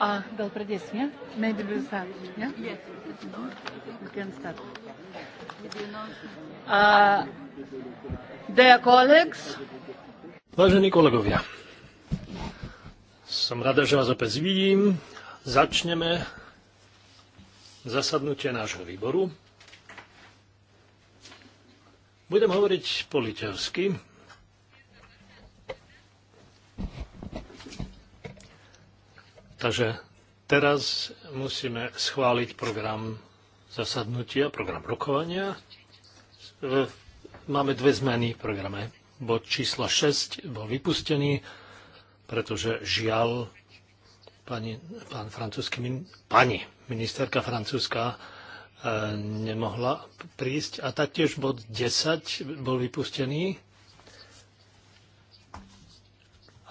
Uh, well, Pradesh, yeah? Maybe we'll start, yeah? Yes. We can start. Uh, dear colleagues. Vážení kolegovia, som rada, že vás opäť vidím. Začneme zasadnutie nášho výboru. Budem hovoriť po litevsky, Takže teraz musíme schváliť program zasadnutia, program rokovania. E, máme dve zmeny v programe. Bod číslo 6 bol vypustený, pretože žiaľ pani, pán francúzsky, pani ministerka francúzska e, nemohla prísť. A taktiež bod 10 bol vypustený.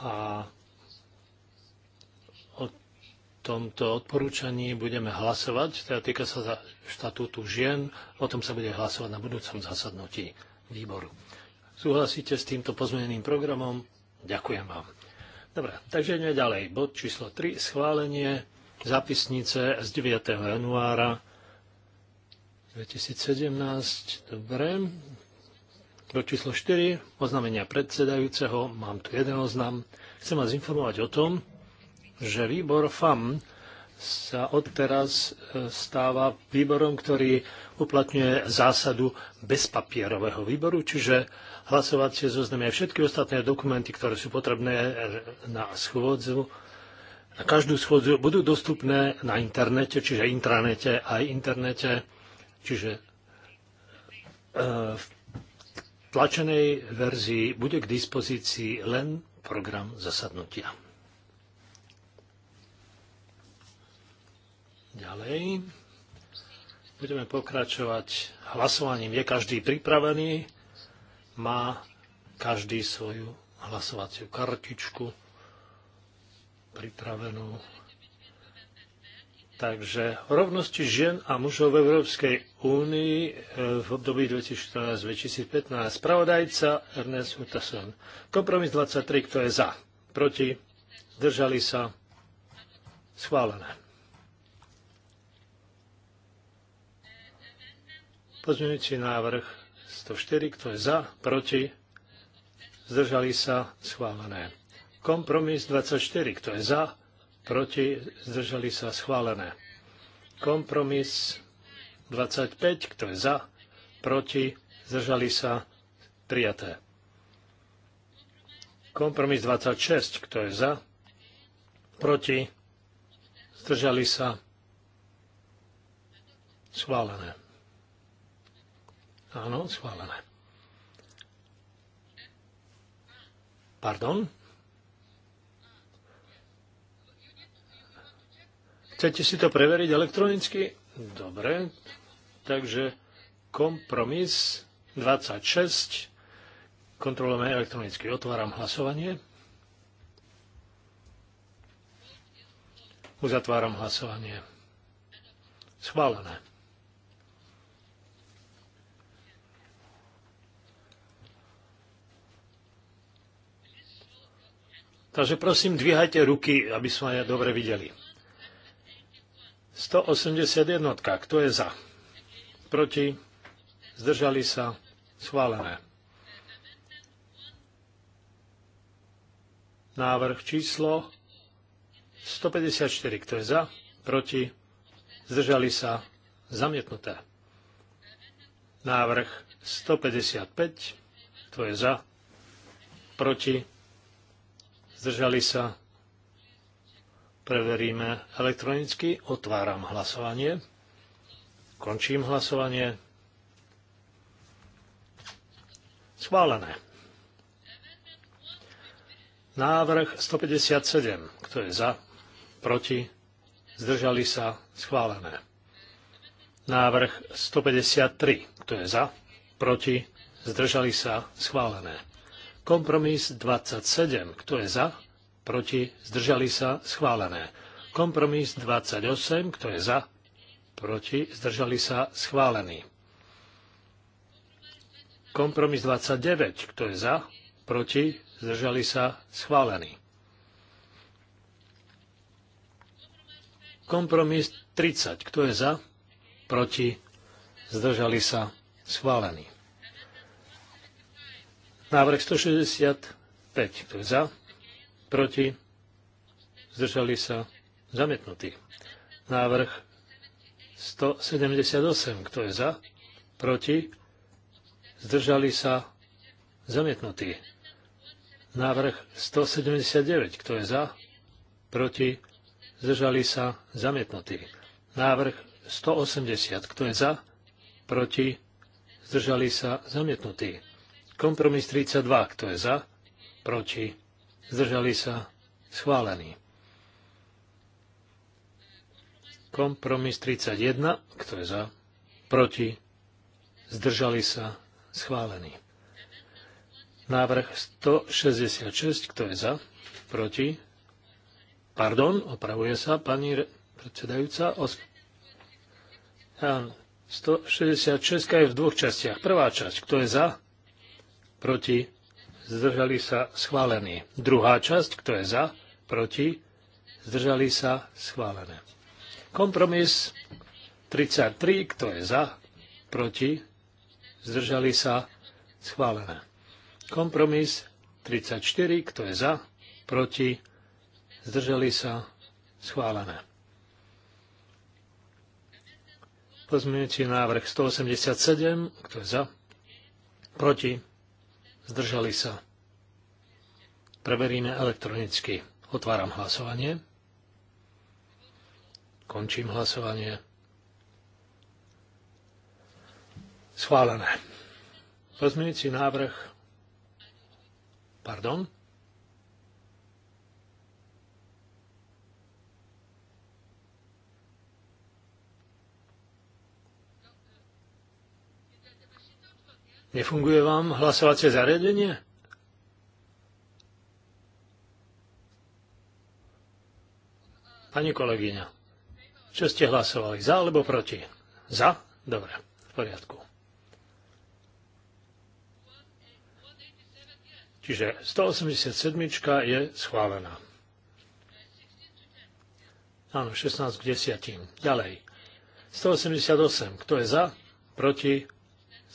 A tomto odporúčaní budeme hlasovať, teda týka sa za štatútu žien, o tom sa bude hlasovať na budúcom zasadnutí výboru. Súhlasíte s týmto pozmeneným programom? Ďakujem vám. Dobre, takže ideme ďalej. Bod číslo 3, schválenie zápisnice z 9. januára 2017. Dobre. Bod číslo 4, oznámenia predsedajúceho. Mám tu jeden oznam. Chcem vás informovať o tom, že výbor FAM sa odteraz e, stáva výborom, ktorý uplatňuje zásadu bezpapierového výboru, čiže hlasovacie zoznamy a všetky ostatné dokumenty, ktoré sú potrebné e, na schôdzu, na každú schôdzu budú dostupné na internete, čiže intranete aj internete, čiže e, v tlačenej verzii bude k dispozícii len program zasadnutia. Ďalej budeme pokračovať hlasovaním. Je každý pripravený? Má každý svoju hlasovaciu kartičku pripravenú. Takže o rovnosti žien a mužov v Európskej únii eh, v období 2014-2015. Spravodajca Ernest Utason. Kompromis 23, kto je za? Proti? Zdržali sa? Schválené. Pozmeňujúci návrh 104, kto je za, proti, zdržali sa, schválené. Kompromis 24, kto je za, proti, zdržali sa, schválené. Kompromis 25, kto je za, proti, zdržali sa, prijaté. Kompromis 26, kto je za, proti, zdržali sa, schválené. Áno, schválené. Pardon? Chcete si to preveriť elektronicky? Dobre. Takže kompromis 26. Kontrolujeme elektronicky. Otváram hlasovanie. Uzatváram hlasovanie. Schválené. Takže prosím, dvíhajte ruky, aby sme ja dobre videli. 181. Kto je za? Proti? Zdržali sa? Schválené. Návrh číslo 154. Kto je za? Proti? Zdržali sa? Zamietnuté. Návrh 155. Kto je za? Proti? zdržali sa, preveríme elektronicky, otváram hlasovanie, končím hlasovanie, schválené. Návrh 157, kto je za, proti, zdržali sa, schválené. Návrh 153, kto je za, proti, zdržali sa, schválené. Kompromis 27. Kto je za? Proti? Zdržali sa? Schválené. Kompromis 28. Kto je za? Proti? Zdržali sa? Schválený. Kompromis 29. Kto je za? Proti? Zdržali sa? Schválený. Kompromis 30. Kto je za? Proti? Zdržali sa? Schválený. Návrh 165. Kto je za? Proti? Zdržali sa? zamietnutí. Návrh 178. Kto je za? Proti? Zdržali sa? zamietnutí. Návrh 179. Kto je za? Proti? Zdržali sa? zamietnutí. Návrh 180. Kto je za? Proti? Zdržali sa? zamietnutí. Kompromis 32, kto je za, proti, zdržali sa, schválený. Kompromis 31, kto je za, proti, zdržali sa, schválený. Návrh 166, kto je za, proti, pardon, opravuje sa pani predsedajúca, os... 166 je v dvoch častiach. Prvá časť, kto je za, proti, zdržali sa, schválený. Druhá časť, kto je za, proti, zdržali sa, schválené. Kompromis 33, kto je za, proti, zdržali sa, schválené. Kompromis 34, kto je za, proti, zdržali sa, schválené. Pozmienujúci návrh 187, kto je za, proti, zdržali sa. Preveríme elektronicky. Otváram hlasovanie. Končím hlasovanie. Schválené. Pozmienujúci návrh. Pardon. Nefunguje vám hlasovacie zariadenie? Pani kolegyňa, čo ste hlasovali? Za alebo proti? Za? Dobre, v poriadku. Čiže 187 je schválená. Áno, 16 k 10. Ďalej. 188. Kto je za? Proti?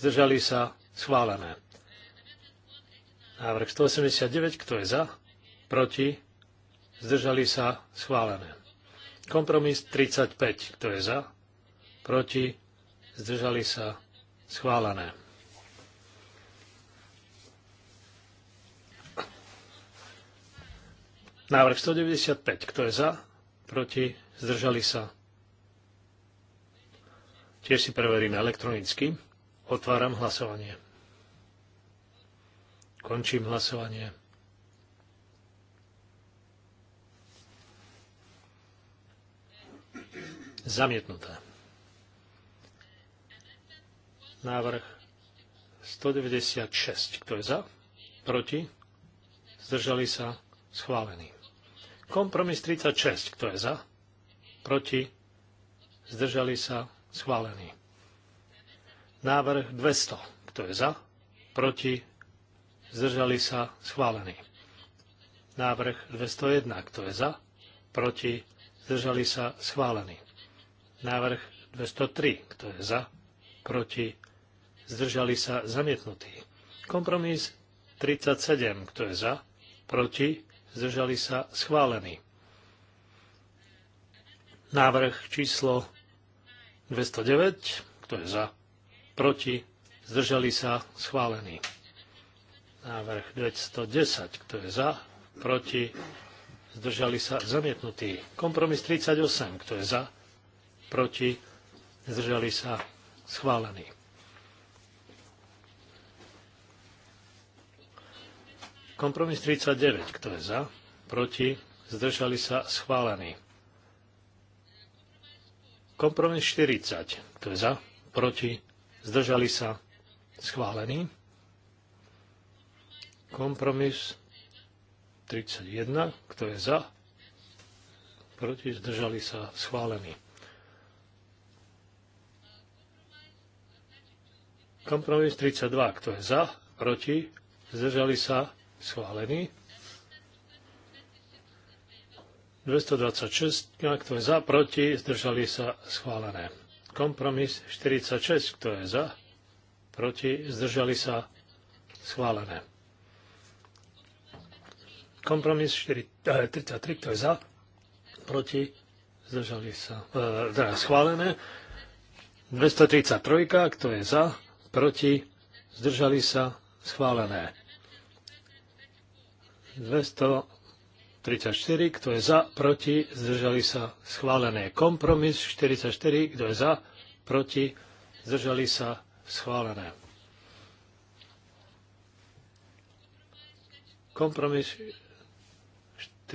Zdržali sa? Schválené. Návrh 189, kto je za? Proti? Zdržali sa? Schválené. Kompromis 35, kto je za? Proti? Zdržali sa? Schválené. Návrh 195, kto je za? Proti? Zdržali sa? Tiež si preveríme elektronicky. Otváram hlasovanie. Končím hlasovanie. Zamietnuté. Návrh 196. Kto je za? Proti? Zdržali sa? Schválený. Kompromis 36. Kto je za? Proti? Zdržali sa? Schválený. Návrh 200. Kto je za? Proti? zdržali sa, schválený. Návrh 201, kto je za, proti, zdržali sa, schválený. Návrh 203, kto je za, proti, zdržali sa, zamietnutý. Kompromis 37, kto je za, proti, zdržali sa, schválený. Návrh číslo 209, kto je za, proti, zdržali sa, schválený. Návrh 210. Kto je za? Proti? Zdržali sa zamietnutí. Kompromis 38. Kto je za? Proti? Zdržali sa schválení. Kompromis 39. Kto je za? Proti? Zdržali sa schválený. Kompromis 40. Kto je za? Proti? Zdržali sa schválený. Kompromis 31, kto je za, proti, zdržali sa, schválený. Kompromis 32, kto je za, proti, zdržali sa, schválený. 226, kto je za, proti, zdržali sa, schválené. Kompromis 46, kto je za, proti, zdržali sa, schválené. Kompromis 4, 33, eh, kto je za, proti, zdržali sa, e, teda schválené. 233, kto je za, proti, zdržali sa, schválené. 234, kto je za, proti, zdržali sa, schválené. Kompromis 44, kto je za, proti, zdržali sa, schválené. Kompromis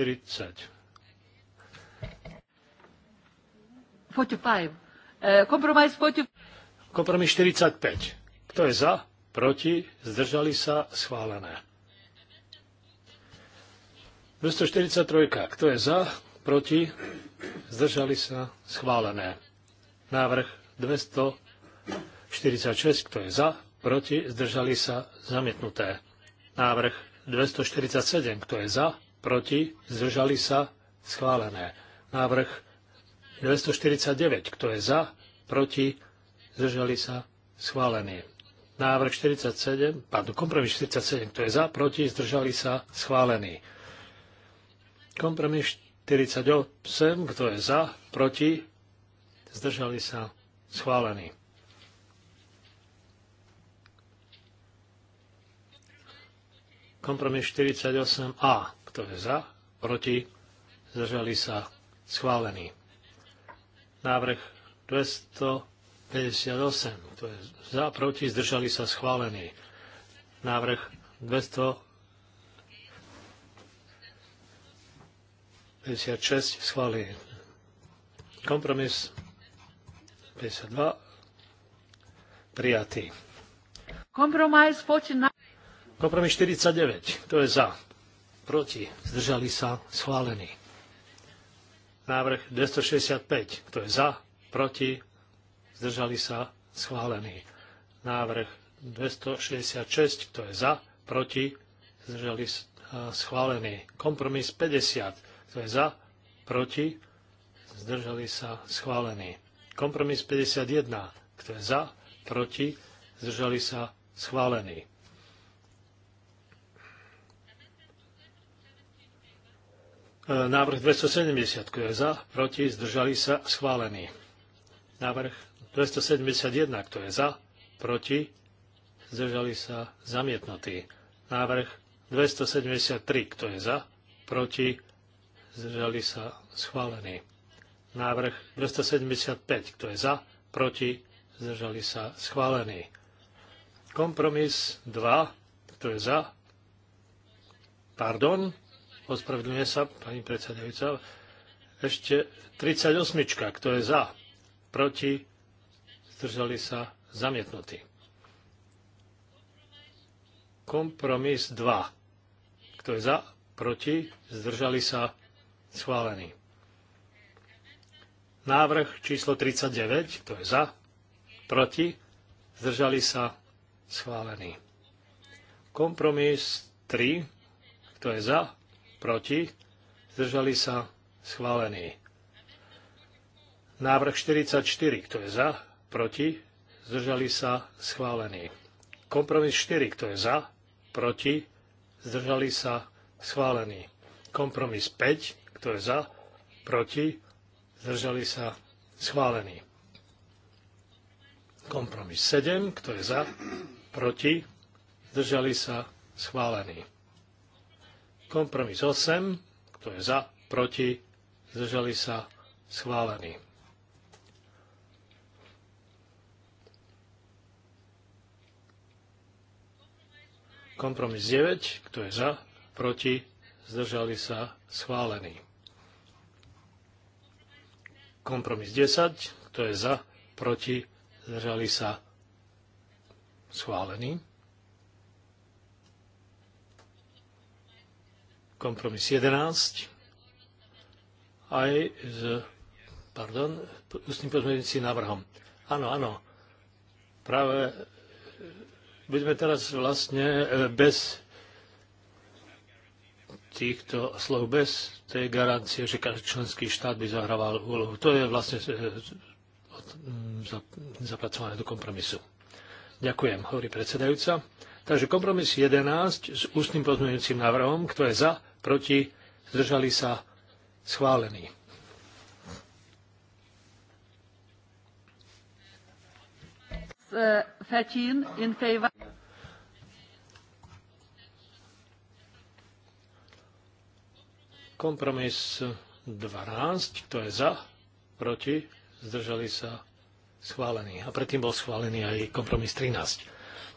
40. Eh, kompromis 45. Kto je za? Proti? Zdržali sa? Schválené. 243. Kto je za? Proti? Zdržali sa? Schválené. Návrh 246. Kto je za? Proti? Zdržali sa? Zamietnuté. Návrh 247. Kto je za? proti, zdržali sa, schválené. Návrh 949, kto je za, proti, zdržali sa, schválený. Návrh 47, pardon, kompromis 47, kto je za, proti, zdržali sa, schválený. Kompromis 48, kto je za, proti, zdržali sa, schválený. Kompromis 48a. Kto je za? Proti? Zdržali sa? Schválený. Návrh 258. Kto je za? Proti? Zdržali sa? Schválený. Návrh 256. Schválený. Kompromis 52. Prijatý. Kompromis 49. Kompromis Kto je za? proti, zdržali sa, schválený. Návrh 265, kto je za, proti, zdržali sa, schválený. Návrh 266, kto je za, proti, zdržali sa, schválený. Kompromis 50, kto je za, proti, zdržali sa, schválený. Kompromis 51, kto je za, proti, zdržali sa, schválený. E, návrh 270, kto je za, proti, zdržali sa, schválený. Návrh 271, kto je za, proti, zdržali sa, zamietnutý. Návrh 273, kto je za, proti, zdržali sa, schválený. Návrh 275, kto je za, proti, zdržali sa, schválený. Kompromis 2, kto je za, pardon, Ospravedlňuje sa, pani predsedajúca. Ešte 38, kto je za, proti, zdržali sa, zamietnutí. Kompromis 2. Kto je za, proti, zdržali sa, schválený. Návrh číslo 39, kto je za, proti, zdržali sa, schválený. Kompromis 3, kto je za, proti, zdržali sa, schválený. Návrh 44, kto je za, proti, zdržali sa, schválený. Kompromis 4, kto je za, proti, zdržali sa, schválený. Kompromis 5, kto je za, proti, zdržali sa, schválený. Kompromis 7, kto je za, proti, zdržali sa, schválený. Kompromis 8, kto je za, proti, zdržali sa, schválený. Kompromis 9, kto je za, proti, zdržali sa, schválený. Kompromis 10, kto je za, proti, zdržali sa, schválený. kompromis 11, aj s, pardon, ústnym pozmeňujúcim návrhom. Áno, áno, práve budeme teraz vlastne e, bez týchto slov, bez tej garancie, že každý členský štát by zahrával úlohu. To je vlastne e, zapracované do kompromisu. Ďakujem, hovorí predsedajúca. Takže kompromis 11 s ústnym pozmeňujúcim návrhom, kto je za, proti, zdržali sa, schválený. Kompromis 12, kto je za, proti, zdržali sa, schválený. A predtým bol schválený aj kompromis 13.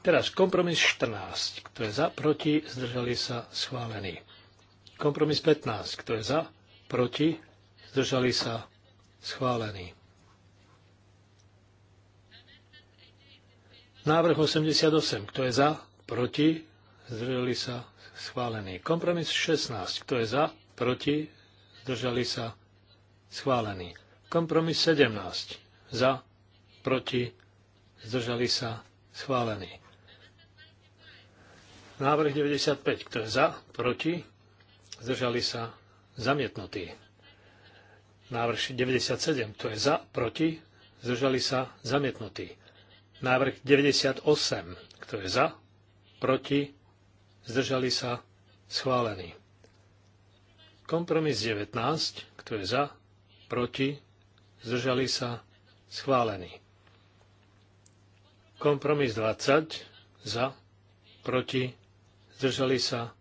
Teraz kompromis 14, kto je za, proti, zdržali sa, schválený. Kompromis 15. Kto je za? Proti? Zdržali sa? Schválený. Návrh 88. Kto je za? Proti? Zdržali sa? Schválený. Kompromis 16. Kto je za? Proti? Zdržali sa? Schválený. Kompromis 17. Za? Proti? Zdržali sa? Schválený. Návrh 95. Kto je za? Proti? zdržali sa, zamietnutí. Návrh 97, to je za, proti, zdržali sa, zamietnutí. Návrh 98, kto je za, proti, zdržali sa, schválený. Kompromis 19, kto je za, proti, zdržali sa, schválený. Kompromis 20, za, proti, zdržali sa,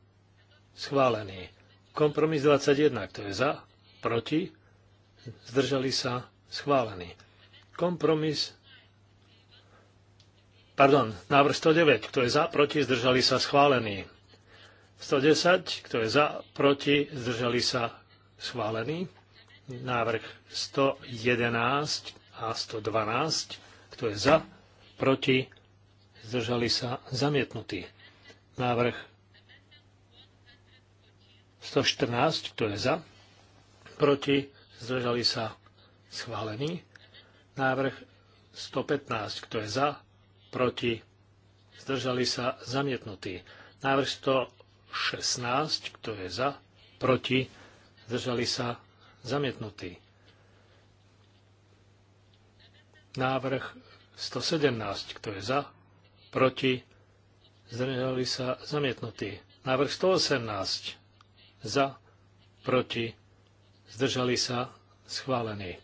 schválený. Kompromis 21, kto je za, proti, zdržali sa, schválený. Kompromis, pardon, návrh 109, kto je za, proti, zdržali sa, schválený. 110, kto je za, proti, zdržali sa, schválený. Návrh 111 a 112, kto je za, proti, zdržali sa, zamietnutý. Návrh 114, kto je za, proti, zdržali sa schválený. Návrh 115, kto je za, proti, zdržali sa zamietnutý. Návrh 116, kto je za, proti, zdržali sa zamietnutý. Návrh 117, kto je za, proti, zdržali sa zamietnutý. Návrh 118, za, proti, zdržali sa, schválený.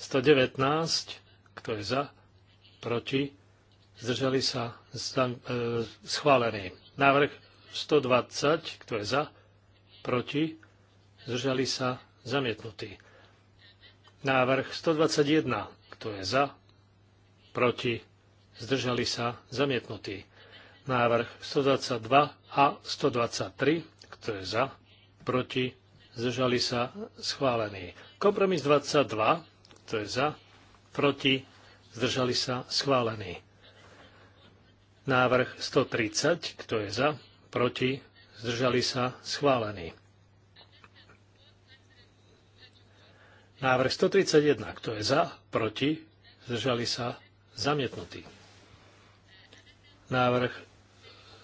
119, kto je za, proti, zdržali sa, e, schválený. Návrh 120, kto je za, proti, zdržali sa, zamietnutý. Návrh 121, kto je za, proti, zdržali sa, zamietnutý. Návrh 122 a 123, kto je za, proti, zdržali sa, schválený. Kompromis 22, to je za, proti, zdržali sa, schválený. Návrh 130, kto je za, proti, zdržali sa, schválený. Návrh 131, kto je za, proti, zdržali sa, zamietnutý. Návrh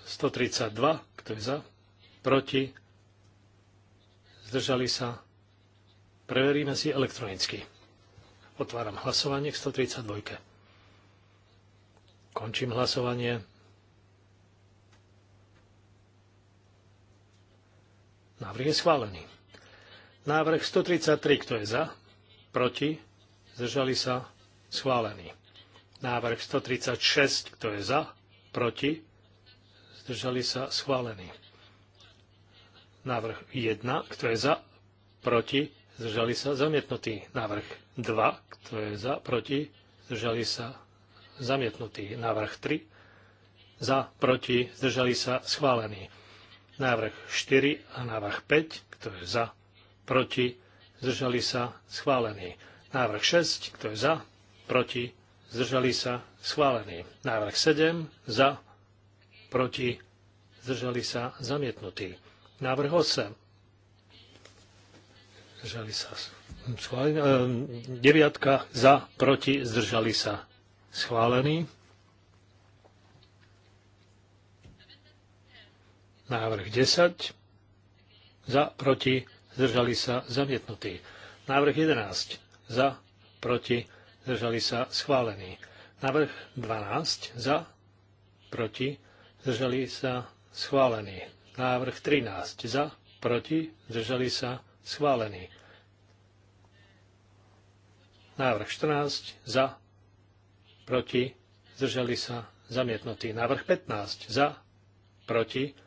132, kto je za, proti, zdržali sa, preveríme si elektronicky. Otváram hlasovanie k 132. Končím hlasovanie. Návrh je schválený. Návrh 133, kto je za? Proti? Zdržali sa? Schválený. Návrh 136, kto je za? Proti? Zdržali sa? Schválený. Návrh 1, kto je za, proti, zdržali sa, zamietnutý. Návrh 2, kto je za, proti, zdržali sa, zamietnutý. Návrh 3, za, proti, zdržali sa, schválený. Návrh 4 a návrh 5, kto je za, proti, zdržali sa, schválený. Návrh 6, kto je za, proti, zdržali sa, schválený. Návrh 7, za, proti, zdržali sa, zamietnutý. Návrh 8. Zdržali sa. Schválený. Ehm, deviatka za, proti, zdržali sa. Schválený. Návrh 10. Za, proti, zdržali sa. Zamietnutý. Návrh 11. Za, proti, zdržali sa. Schválený. Návrh 12. Za, proti, zdržali sa. Schválený. Návrh 13 za, proti, zdržali sa, schválený. Návrh 14 za, proti, zdržali sa, zamietnutý. Návrh 15 za, proti,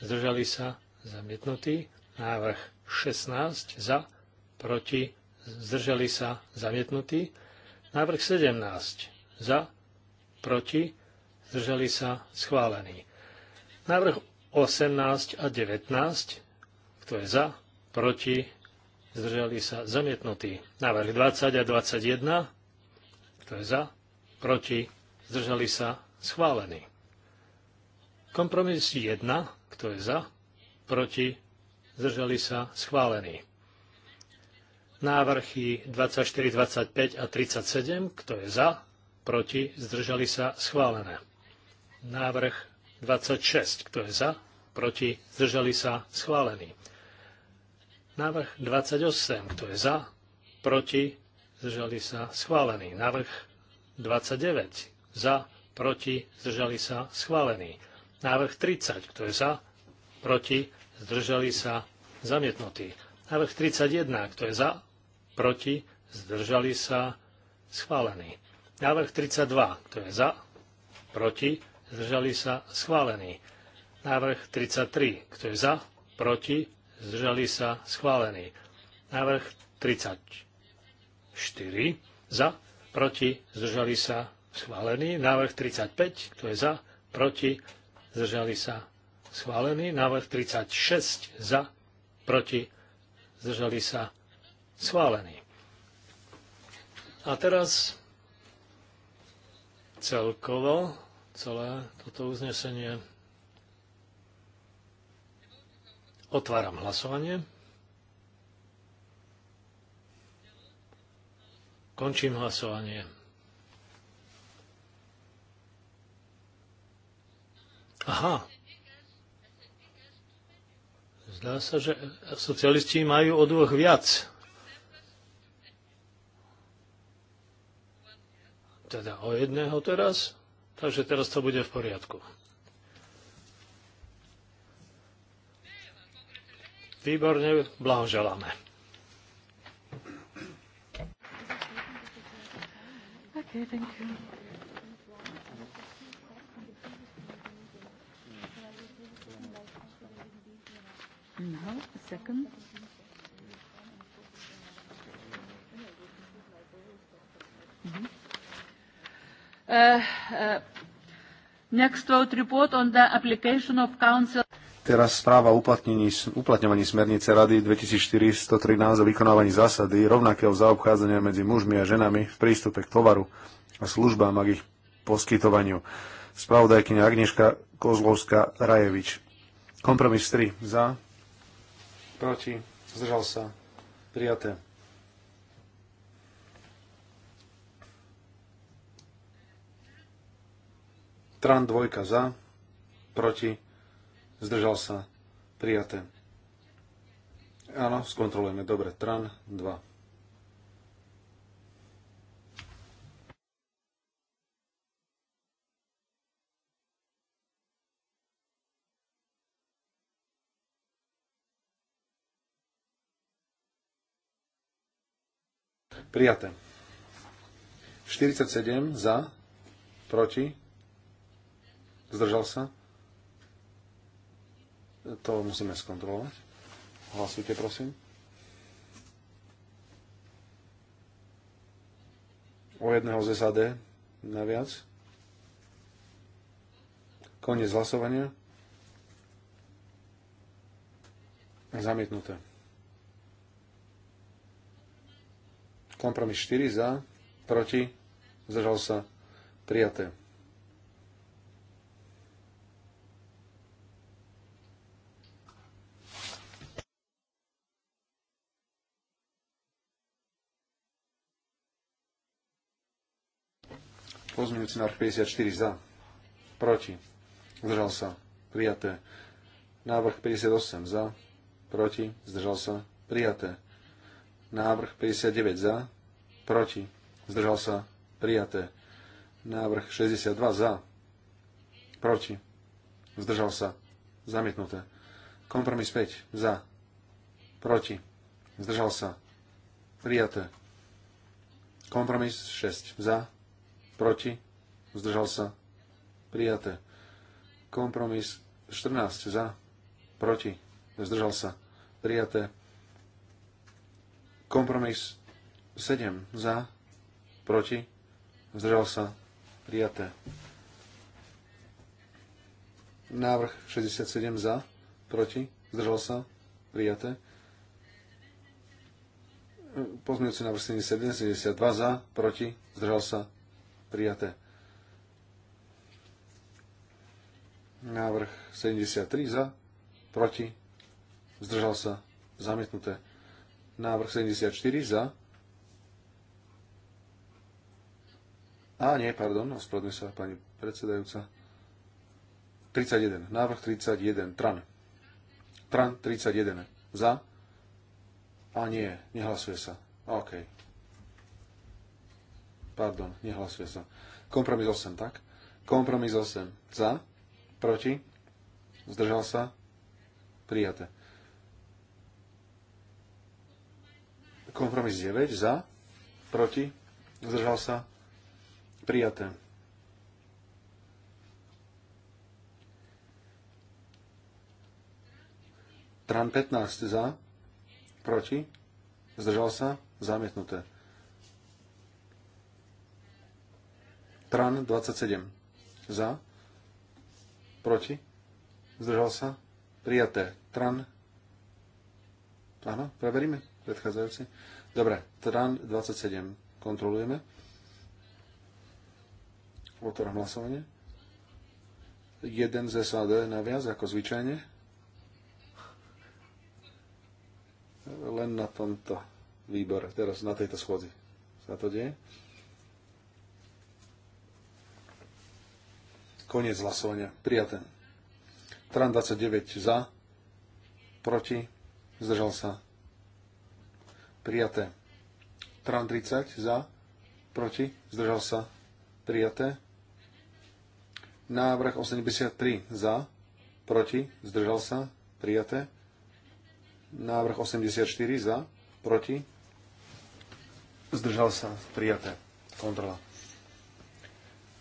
zdržali sa, zamietnutý. Návrh 16 za, proti, zdržali sa, zamietnutý. Návrh 17 za, proti, zdržali sa, schválený. Návrh 18 a 19. Kto je za? Proti? Zdržali sa zamietnutí. Návrh 20 a 21. Kto je za? Proti? Zdržali sa schválený. Kompromis 1. Kto je za? Proti? Zdržali sa schválený. Návrhy 24, 25 a 37. Kto je za? Proti? Zdržali sa schválené. Návrh 26. Kto je za? Proti? Zdržali sa? Schválený. Návrh 28. Kto je za? Proti? Zdržali sa? Schválený. Návrh 29. Za? Proti? Zdržali sa? Schválený. Návrh 30. Kto je za? Proti? Zdržali sa? Zamietnutý. Návrh 31. Kto je za? Proti? Zdržali sa? Schválený. Návrh 32. Kto je za? Proti? zdržali sa, schválený. Návrh 33, kto je za, proti, zdržali sa, schválený. Návrh 34, za, proti, zdržali sa, schválený. Návrh 35, kto je za, proti, zdržali sa, schválený. Návrh 36, za, proti, zdržali sa, schválený. A teraz celkovo celé toto uznesenie. Otváram hlasovanie. Končím hlasovanie. Aha. Zdá sa, že socialisti majú o dvoch viac. Teda o jedného teraz? Takže teraz to bude v poriadku. Výborne, blahoželáme. Okay, thank you. Now, a second. Mm-hmm. Uh, uh, Next vote report on the application of council. Teraz správa uplatňovaní smernice Rady 2413 o vykonávaní zásady rovnakého zaobchádzania medzi mužmi a ženami v prístupe k tovaru a službám a k ich poskytovaniu. Spravodajkyňa Agnieszka Kozlovská-Rajevič. Kompromis 3. Za. Proti. Zdržal sa. Prijaté. Tran dvojka za, proti, zdržal sa, prijaté. Áno, skontrolujeme. Dobre, Tran 2. Prijaté. 47 za, proti, Zdržal sa? To musíme skontrolovať. Hlasujte, prosím. O jedného z SAD naviac. Koniec hlasovania. Zamietnuté. Kompromis 4 za, proti, zdržal sa, prijaté. Pozmeňujúci návrh 54 za. Proti. Zdržal sa. Prijaté. Návrh 58 za. Proti. Zdržal sa. Prijaté. Návrh 59 za. Proti. Zdržal sa. Prijaté. Návrh 62 za. Proti. Zdržal sa. Zamietnuté. Kompromis 5 za. Proti. Zdržal sa. Prijaté. Kompromis 6 za proti, zdržal sa, prijaté. Kompromis 14 za, proti, zdržal sa, prijaté. Kompromis 7 za, proti, zdržal sa, prijaté. Návrh 67 za, proti, zdržal sa, prijaté. Pozmeňujúci návrh 71, 72 za, proti, zdržal sa, prijaté. Návrh 73 za, proti, zdržal sa, zamietnuté. Návrh 74 za. A nie, pardon, ospravedlňujem sa, pani predsedajúca. 31. Návrh 31. Tran. Tran 31. Za. A nie, nehlasuje sa. OK. Pardon, nehlasuje sa. Kompromis 8, tak? Kompromis 8. Za? Proti? Zdržal sa? Prijaté. Kompromis 9. Za? Proti? Zdržal sa? Prijaté. Tran 15 za, proti, zdržal sa, zamietnuté. Tran 27. Za. Proti. Zdržal sa. Prijaté. Tran. Áno, preveríme predchádzajúci. Dobre, Tran 27. Kontrolujeme. Otvorám hlasovanie. Jeden z SAD naviac, ako zvyčajne. Len na tomto výbore, teraz na tejto schôdzi sa to deje. Koniec hlasovania. Prijaté. Tran 29 za, proti, zdržal sa. Prijaté. Tran 30 za, proti, zdržal sa. Prijaté. Návrh 83 za, proti, zdržal sa. Prijaté. Návrh 84 za, proti, zdržal sa. Prijaté. Kontrola.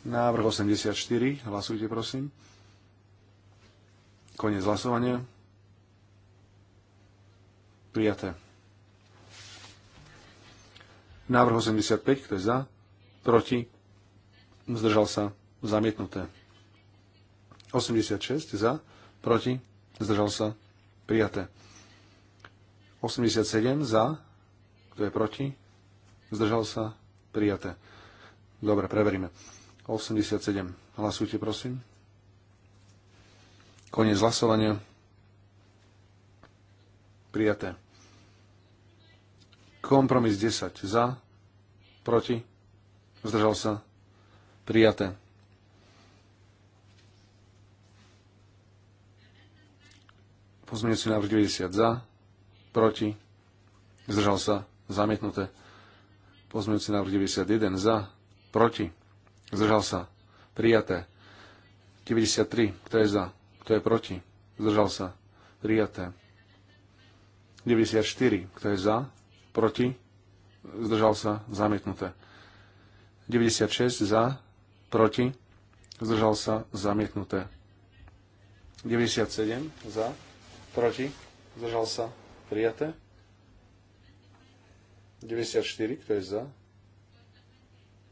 Návrh 84. Hlasujte, prosím. Konec hlasovania. Prijaté. Návrh 85. Kto je za? Proti? Zdržal sa? Zamietnuté. 86. Za? Proti? Zdržal sa? Prijaté. 87. Za? Kto je proti? Zdržal sa? Prijaté. Dobre, preveríme. 87. Hlasujte, prosím. Koniec hlasovania. Prijaté. Kompromis 10. Za. Proti. Zdržal sa. Prijaté. Pozmeňujúci návrh 90 za, proti, zdržal sa, zamietnuté. Pozmeňujúci návrh 91 za, proti, Zdržal sa. Prijaté. 93. Kto je za? Kto je proti? Zdržal sa. Prijaté. 94. Kto je za? Proti? Zdržal sa. Zamietnuté. 96. Za? Proti? Zdržal sa. Zamietnuté. 97. Za? Proti? Zdržal sa. Prijaté. 94. Kto je za?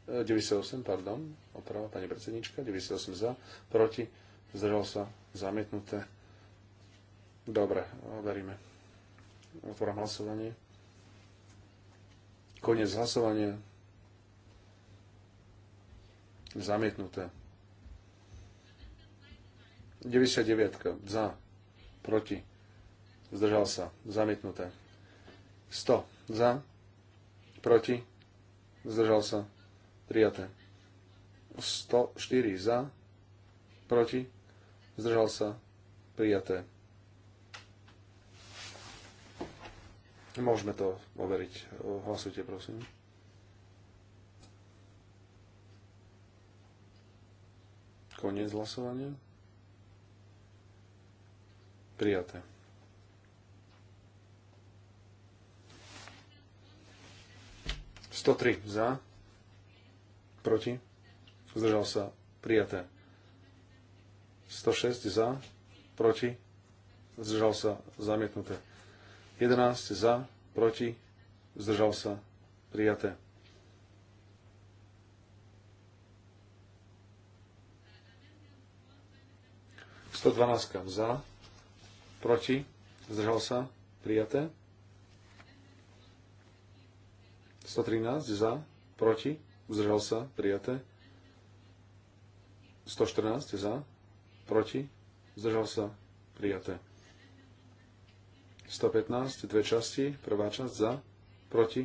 98, e, pardon, oprava pani predsednička, 98 za, proti, zdržal sa, zamietnuté. Dobre, overíme. Otvorám hlasovanie. Koniec hlasovania. Zamietnuté. 99 za, proti, zdržal sa, zamietnuté. 100 za, proti, zdržal sa, Prijaté. 104 za, proti, zdržal sa, prijaté. Môžeme to overiť. Hlasujte, prosím. Koniec hlasovania. Prijaté. Sto tri za proti, zdržal sa, prijaté. 106 za, proti, zdržal sa, zamietnuté. 11 za, proti, zdržal sa, prijaté. Sto dvanáctka za, proti, zdržal sa, prijaté. 113 za, proti, zdržal sa, prijaté. 114 za, proti, zdržal sa, prijaté. 115, dve časti, prvá časť za, proti,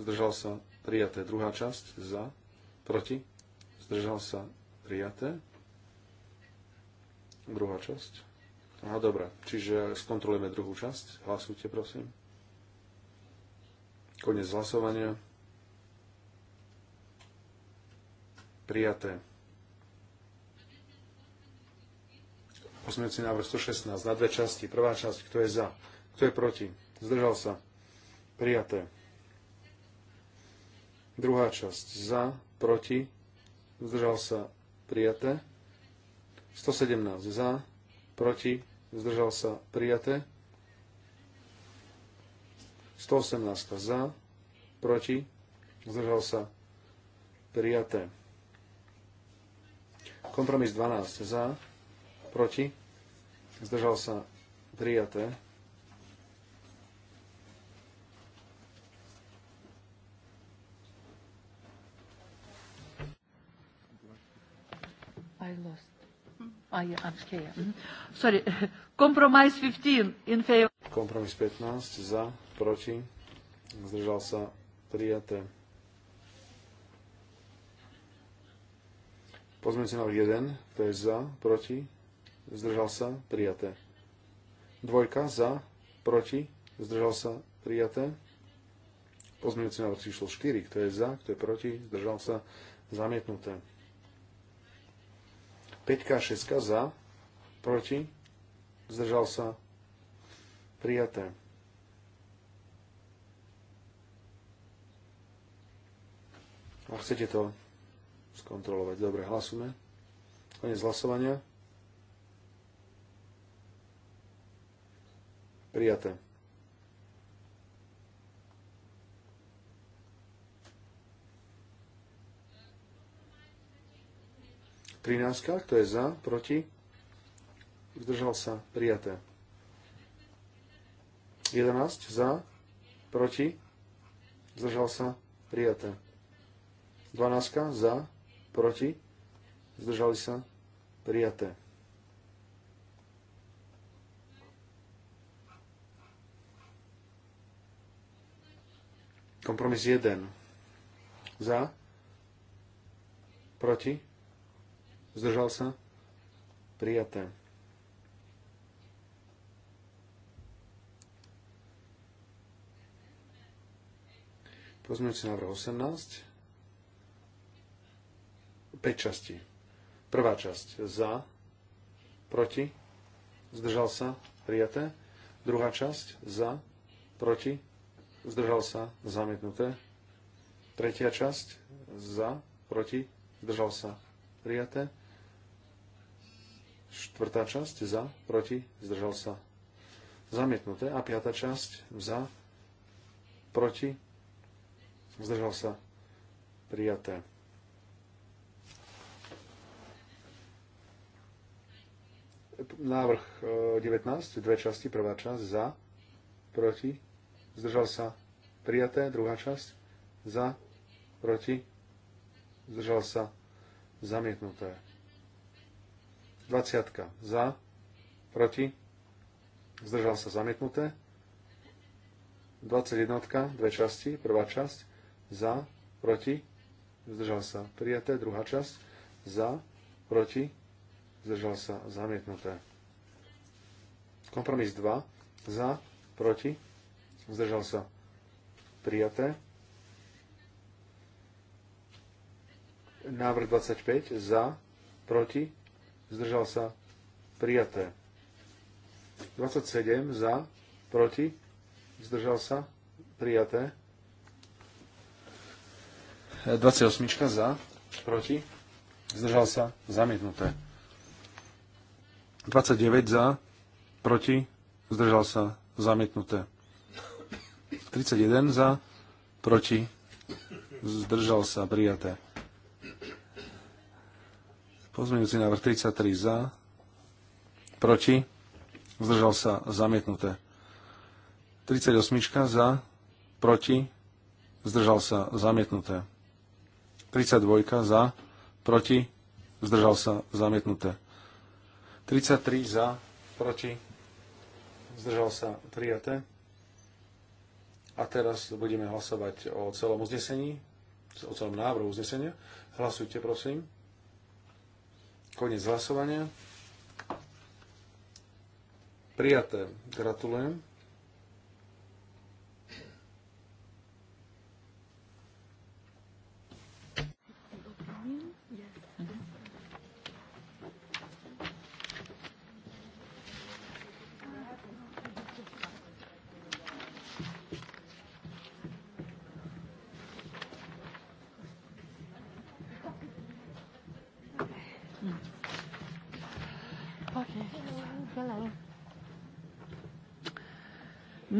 zdržal sa, prijaté. Druhá časť za, proti, zdržal sa, prijaté. Druhá časť. Aha, dobre. Čiže skontrolujeme druhú časť. Hlasujte, prosím. Konec hlasovania. prijaté. Pozmeňujúci návrh 116 na dve časti. Prvá časť, kto je za, kto je proti, zdržal sa, prijaté. Druhá časť, za, proti, zdržal sa, prijaté. 117 za, proti, zdržal sa, prijaté. 118 za, proti, zdržal sa, prijaté. Kompromis 12 za, proti, zdržal sa prijaté. I lost. I scared. Mm-hmm. Sorry. Compromise 15 in favor. Kompromis 15 za, proti, zdržal sa prijaté. si návrh 1, to je za, proti, zdržal sa, prijaté. Dvojka, za, proti, zdržal sa, prijaté. Pozmeňujúci návrh číslo 4, kto je za, kto je proti, zdržal sa, zamietnuté. 5 a 6 za, proti, zdržal sa, prijaté. A chcete to skontrolovať. Dobre, hlasujeme. Konec hlasovania. Prijaté. Trináctka, kto je za, proti? Zdržal sa, prijaté. 11 za, proti, zdržal sa, prijaté. 12 za, Proti? Zdržali sa? Prijaté. Kompromis 1. Za? Proti? Zdržal sa? Prijaté. Pozmeňujúci návrh 18. 5 častí. Prvá časť za, proti, zdržal sa, prijaté. Druhá časť za, proti, zdržal sa, zamietnuté. Tretia časť za, proti, zdržal sa, prijaté. Štvrtá časť za, proti, zdržal sa, zamietnuté. A piata časť za, proti, zdržal sa, prijaté. Návrh 19, e, dve časti, prvá časť za, proti, zdržal sa prijaté, druhá časť za, proti, zdržal sa zamietnuté. 20 za, proti, zdržal sa zamietnuté. 21, dve časti, prvá časť za, proti, zdržal sa prijaté, druhá časť za, proti, zdržal sa zamietnuté. Kompromis 2 za, proti, zdržal sa prijaté. Návrh 25 za, proti, zdržal sa prijaté. 27 za, proti, zdržal sa prijaté. 28 za, proti, zdržal sa zamietnuté. 29 za, proti, zdržal sa, zamietnuté. 31 za, proti, zdržal sa, prijaté. Pozmeňujúci návrh 33 za, proti, zdržal sa, zamietnuté. 38 za, proti, zdržal sa, zamietnuté. 32 za, proti, zdržal sa, zamietnuté. 33 za, proti, zdržal sa prijaté. A teraz budeme hlasovať o celom uznesení, o celom návrhu uznesenia. Hlasujte, prosím. Konec hlasovania. Prijaté. Gratulujem.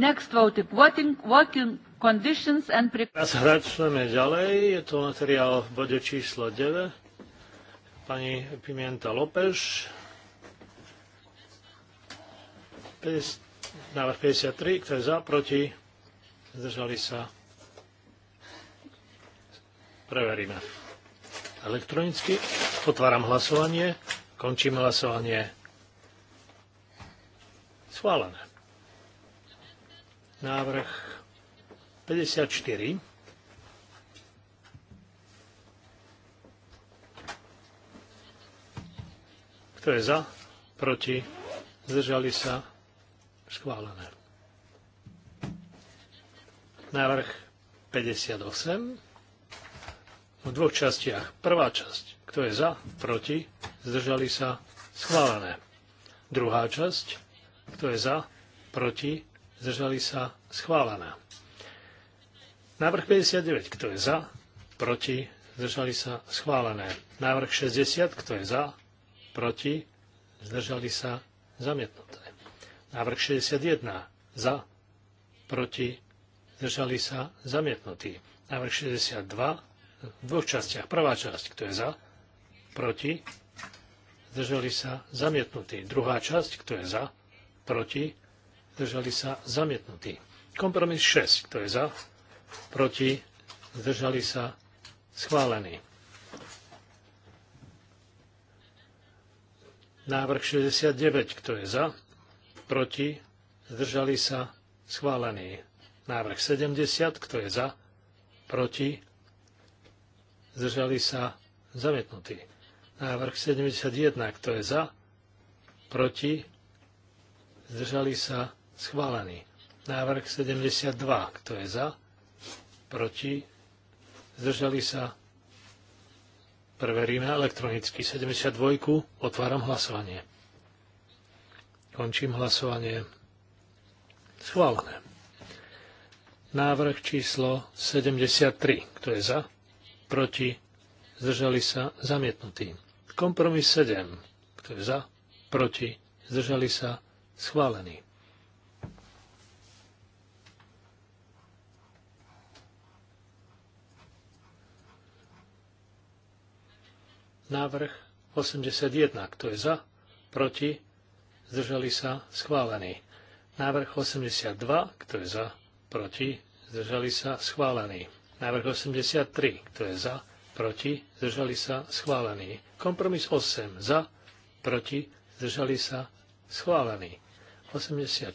Next voting, voting, working conditions and ďalej, je to materiál v bode číslo 9. Pani Pimienta López. Návrh 53, kto je za, proti, zdržali sa. Preveríme. Elektronicky otváram hlasovanie, končím hlasovanie. Schválené návrh 54. Kto je za? Proti? Zdržali sa? Schválené. Návrh 58. V dvoch častiach. Prvá časť. Kto je za? Proti? Zdržali sa? Schválené. Druhá časť. Kto je za? Proti? zdržali sa, schválená. Návrh 59, kto je za, proti, zdržali sa, schválené. Návrh 60, kto je za, proti, zdržali sa, zamietnuté. Návrh 61, za, proti, zdržali sa, zamietnutý. Návrh 62, v dvoch častiach. Prvá časť, kto je za, proti, zdržali sa, zamietnutý. Druhá časť, kto je za, proti, zdržali sa zamietnutí. Kompromis 6, kto je za, proti, zdržali sa schválení. Návrh 69, kto je za, proti, zdržali sa schválený. Návrh 70, kto je za, proti, zdržali sa zamietnutí. Návrh 71, kto je za, proti, zdržali sa Schválený. Návrh 72. Kto je za? Proti? Zdržali sa? Preveríme elektronicky 72. Otváram hlasovanie. Končím hlasovanie. Schválené. Návrh číslo 73. Kto je za? Proti? Zdržali sa? Zamietnutý. Kompromis 7. Kto je za? Proti? Zdržali sa? Schválený. Návrh 81. Kto je za? Proti? Zdržali sa? Schválený. Návrh 82. Kto je za? Proti? Zdržali sa? Schválený. Návrh 83. Kto je za? Proti? Zdržali sa? Schválený. Kompromis 8. Za? Proti? Zdržali sa? Schválený. 84.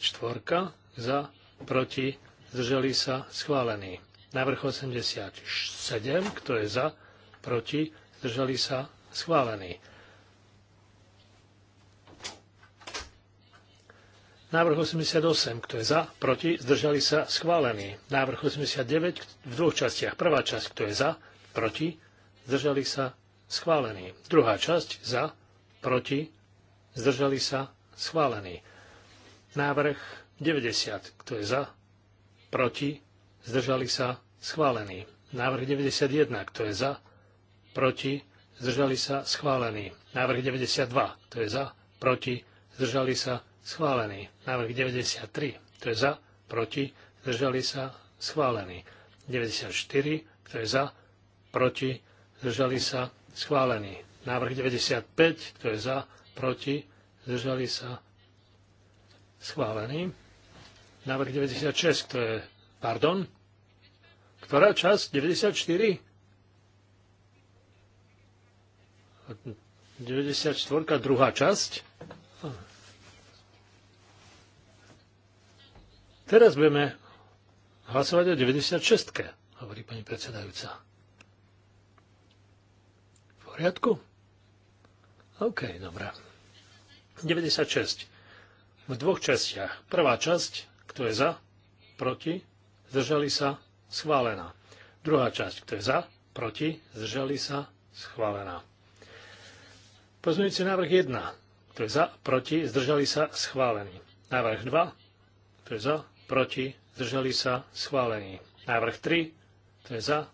Za? Proti? Zdržali sa? Schválený. Návrh 87. Kto je za? Proti? Zdržali sa? Schválený. Návrh 88, kto je za, proti, zdržali sa, schválený. Návrh 89 v dvoch častiach. Prvá časť, kto je za, proti, zdržali sa, schválený. Druhá časť, za, proti, zdržali sa, schválený. Návrh 90, kto je za, proti, zdržali sa, schválený. Návrh 91, kto je za, proti, zdržali sa, schválený. Návrh 92, to je za, proti, zdržali sa, schválený. Návrh 93, to je za, proti, zdržali sa, schválený. 94, kto je za, proti, zdržali sa, schválený. Návrh 95, kto je za, proti, zdržali sa, schválený. Návrh 96, kto je, pardon, ktorá časť? 94? 94. druhá časť. Teraz budeme hlasovať o 96. hovorí pani predsedajúca. V poriadku? OK, dobrá. 96. V dvoch častiach. Prvá časť, kto je za, proti, zdržali sa, schválená. Druhá časť, kto je za, proti, zdržali sa, schválená. Pozmeňujúci návrh 1. Kto je za, proti, zdržali sa, schválený. Návrh 2. to je za, proti, zdržali sa, schválený. Návrh 3. to je za,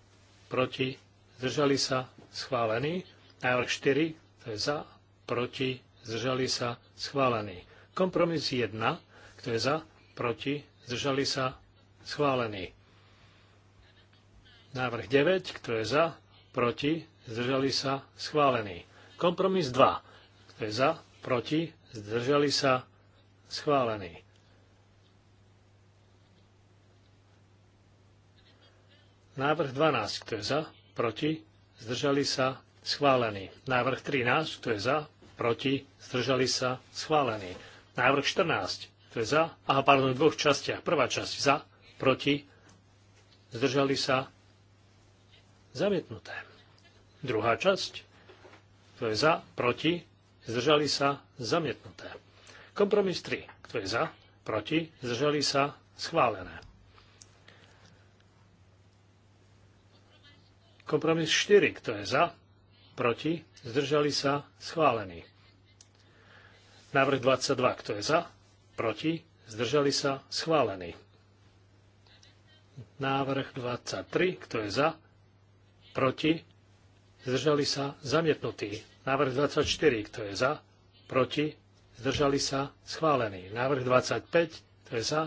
proti, zdržali sa, schválený. Návrh 4. to je za, proti, zdržali sa, schválený. Kompromis 1. to je za, proti, zdržali sa, schválený. Návrh 9. Kto je za, proti, zdržali sa, schválený. Kompromis 2. Kto je za, proti, zdržali sa, schválený. Návrh 12. Kto je za, proti, zdržali sa, schválený. Návrh 13. Kto je za, proti, zdržali sa, schválený. Návrh 14. Kto je za, aha, pardon, v dvoch častiach. Prvá časť za, proti, zdržali sa, zamietnuté. Druhá časť kto je za? Proti? Zdržali sa? Zamietnuté. Kompromis 3. Kto je za? Proti? Zdržali sa? Schválené. Kompromis 4. Kto je za? Proti? Zdržali sa? Schválený. Návrh 22. Kto je za? Proti? Zdržali sa? Schválený. Návrh 23. Kto je za? Proti? zdržali sa, zamietnutý. Návrh 24, kto je za, proti, zdržali sa, schválený. Návrh 25, kto je za,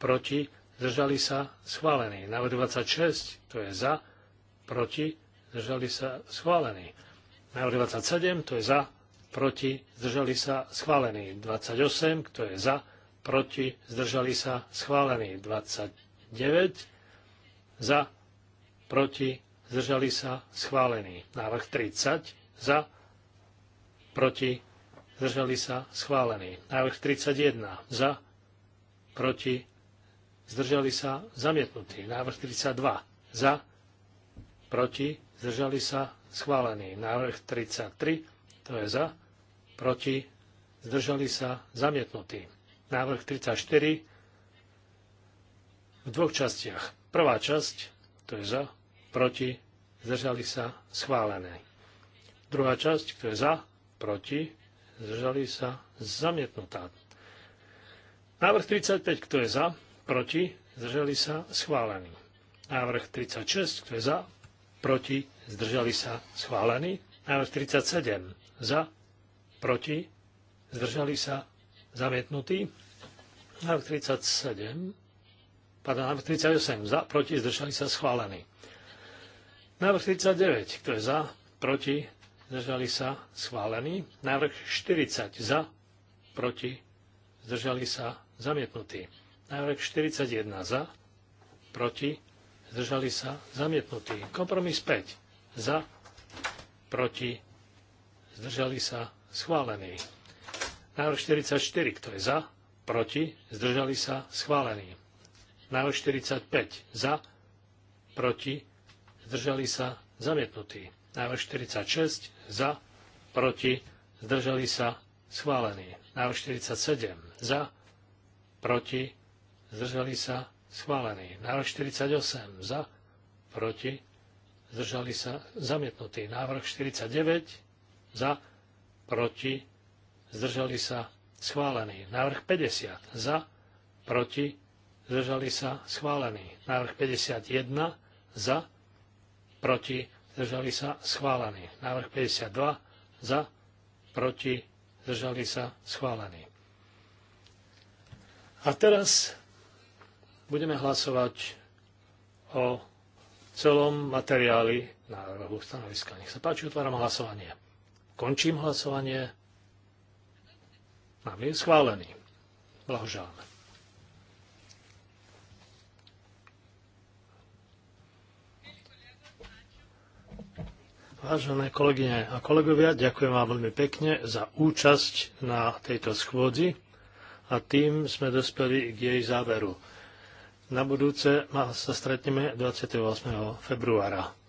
proti, zdržali sa, schválený. Návrh 26, kto je za, proti, zdržali sa, schválený. Návrh 27, kto je za, proti, zdržali sa, schválený. 28, kto je za, proti, zdržali sa, schválený. 29, za, proti, zdržali sa, schválený. Návrh 30 za, proti, zdržali sa, schválený. Návrh 31 za, proti, zdržali sa, zamietnutý. Návrh 32 za, proti, zdržali sa, schválený. Návrh 33, to je za, proti, zdržali sa, zamietnutý. Návrh 34 v dvoch častiach. Prvá časť, to je za, proti, zdržali sa, schválené. Druhá časť, kto je za, proti, zdržali sa, zamietnutá. Návrh 35, kto je za, proti, zdržali sa, schválený. Návrh 36, kto je za, proti, zdržali sa, schválený. Návrh 37, za, proti, zdržali sa, zamietnutý. Návrh 37, pardon, návrh 38, za, proti, zdržali sa, schválený. Návrh 39, kto je za, proti, zdržali sa, schválený. Návrh 40, za, proti, zdržali sa, zamietnutý. Návrh 41, za, proti, zdržali sa, zamietnutý. Kompromis 5, za, proti, zdržali sa, schválený. Návrh 44, kto je za, proti, zdržali sa, schválený. Návrh 45, za, proti, zdržali sa, zamietnutý. Návrh 46, za, proti, zdržali sa, schválený. Návrh 47, za, proti, zdržali sa, schválený. Návrh 48, za, proti, zdržali sa, zamietnutý. Návrh 49, za, proti, zdržali sa, schválený. Návrh 50, za, proti, zdržali sa, schválený. Návrh 51, za, proti, zdržali sa, schválený. Návrh 52, za, proti, zdržali sa, schválený. A teraz budeme hlasovať o celom materiáli návrhu stanoviska. Nech sa páči, otváram hlasovanie. Končím hlasovanie. Mám je schválený. Blahoželáme. Vážené kolegyne a kolegovia, ďakujem vám veľmi pekne za účasť na tejto schôdzi a tým sme dospeli k jej záveru. Na budúce sa stretneme 28. februára.